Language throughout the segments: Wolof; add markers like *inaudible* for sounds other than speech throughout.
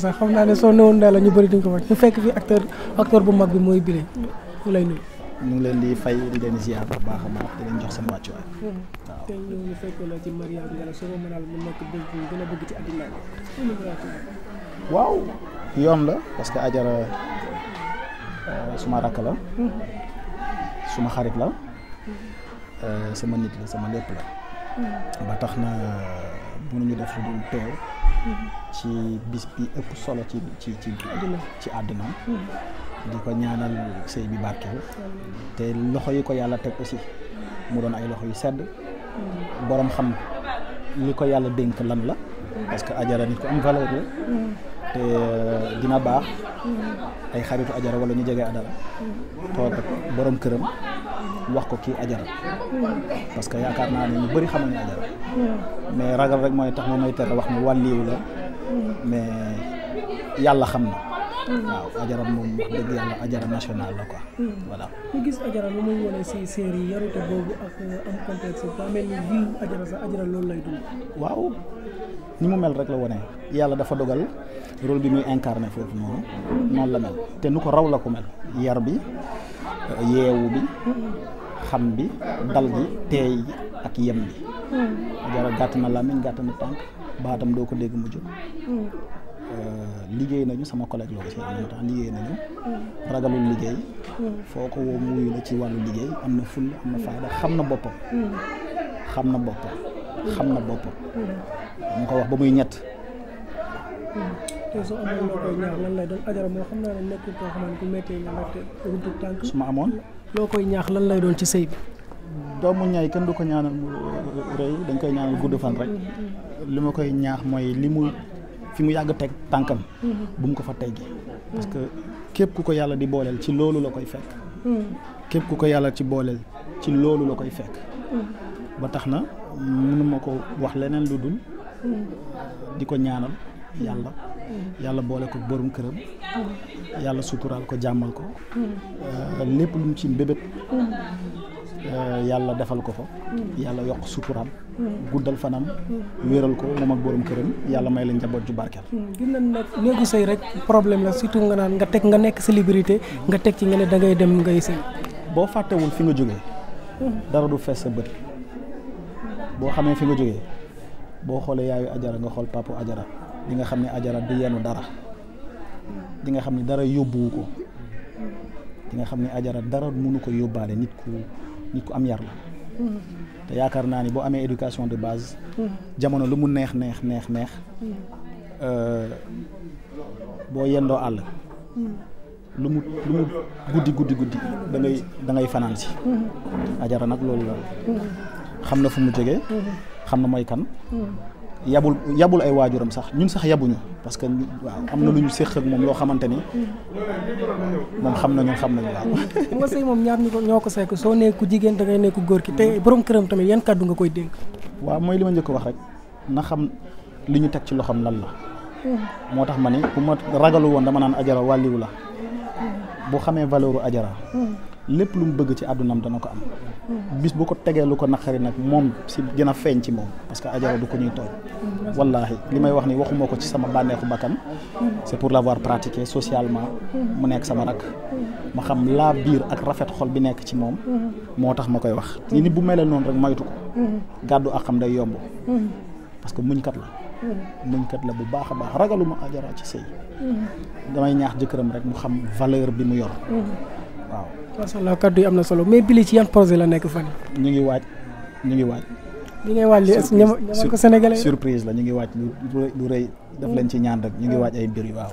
sax xam naa ne soo newoon daal la ñu bëri duñ ko wax ñu fekk fi acteur acteur bu mag bi mooy bile mu lay nuyu. ngi leen di fay di leen baax a baax di leen jox seen wàccuwaay. waaw la ci mariage nga la soo ko mënal mu nekk bés bu a bëgg ci àddina bi. yoon la parce que Ajara euh, suma rakk la. suma xarit la. Euh, sama nit la sama lépp la. Mm-hmm. ba tax na euh, mënuñu def lu dul teew. ci bis bi ëpp solo ci ci ci ci àdduna hmm. di ko ñaanal sëy bi barkeel te loxo yi ko yàlla teg aussi mu doon ay loxo yu sedd hmm. boroom xam li ko yàlla dénk lan la hmm. parce que ajara nit ko am valeur te euh, dina baax ay xaritu ajara wala ñu jege adara toog boroom këram wax ko kii pas parce que ini naa ne ñu bëri xamal ne mais ragal rek mooy tax ma tere wax ni wàlliwu la mais yàlla xam waaw ajara moom wax dëgg yàlla ajara national la quoi voilà ñu gis ajara lu muy wane série yarute boobu ak am contexte daa mel ni bii sa ajara loolu lay dund waaw ni mu mel rek la dafa dogal rôle bi muy la mel te nu raw la ko mel yar bi yeewu bi xam bi dal gi teey ak yem bi jara gàtt na làmmiñ gàtt na tànk baatam doo ko dégg mu euh, liggéey nañu sama collègue loolu si liggéey nañu ragalul liggéey foo ko woo mu wuyu la ci wàllu liggéey am na ful am na faayda xam na boppam xam na boppam xam na boppam mu ko wax ba muy ñett tey lan lay doon ajara xam naa ne koo xam ne ku méttee nga su ma amoon loo koy ñaax lan lay doon ci sëy bi. doomu ñaay kenn du ko ñaanal rëy dañ koy ñaanal gudd fan rek li ma koy ñaax mooy li mu fi mu yàgg teg tànkam. bu mu ko fa teggi parce que képp ku ko yàlla di booleel ci loolu la koy fekk. képp ku ko yàlla ci booleel ci loolu la koy fekk. ba tax na mënu ma ko wax leneen lu dul. di ko ñaanal yàlla. yàlla boole ko borom këram mm-hmm. yàlla suturaal ko jàmmal ko mm-hmm. euh, lépp lu mu ci mbébét mm-hmm. euh, yàlla defal ko fa yàlla yokk suturaam guddal fanam wéeral ko moom ak borom këram yàlla may la njaboot ju barkeel gis nañ nag néegu sëy rek problème la surtout nga naan nga teg nga nekk célébrité nga teg ci nga ne da dem ngay sëy boo fàttewul fi nga jóge dara du fees sa bët boo xamee fi nga jógee boo xoole yaayu ajara nga xool papu ajara di nga xam ne ajara du yenu dara di nga xam ne dara yóbbuwu ko di nga xam ne ajara dara mënu ko yóbbaale nit ku nit ku am yar la te yaakaar naa ni boo amee éducation de base jamono lu mu neex neex neex neex euh, boo yendoo àll lu mu lu mu guddi guddi guddi dangay ngay fanaan si ajara nag loolu la xam na fu mu jógee xam na mooy kan yabul yabul ay waajuram sax ñun sax yabuñu parce que waaw am na lu ñu séq ak moom loo xamante ni moom xam na nañu xam nañu waaw. *laughs* ma moom ñaar ñu ko ñoo ko seq soo nekk ku jigéen dangay nekku góor ki te borom këram tamit yan kàddu nga koy dénk. waaw mooy li ma njëkk wax rek na xam li ñu teg ci loxoom lan la. moo tax ma ne bu ma ragalu woon dama naan ajara wàlliwu la. bu xamee valeur ajara. lépp lu mu bëgg ci àddunaam dana ko am bis bu ko loko lu ko mom nag moom si gën a feeñ ci moom parce que du ko ñuy tooñ wallaahi li wax ni waxuma ci sama bànneexu bakkan c'est pour l'avoir pratiqué socialement mu nekk sama rak ma xam laa biir ak rafet xol bi nekk ci moom moo tax ma wax ni bu melee noonu rek moytu ko gàddu ak day yomb parce que la la bu baax baax ragaluma ajara ci sëy damay ñaax jëkkëram rek mu xam valeur bi mu yor waaw. macha allah kaddu yi am na solo mais Billy ci yan projet la nekk fan ñu ngi waaj ñu ngi waaj. ñu ngi waaj li ñama ko sénégalais surprise la ñu ngi waaj lu rëy daf leen ci ñaan rek ñu ngi waaj ay mbir yu waaw.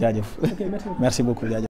jaajëf merci beaucoup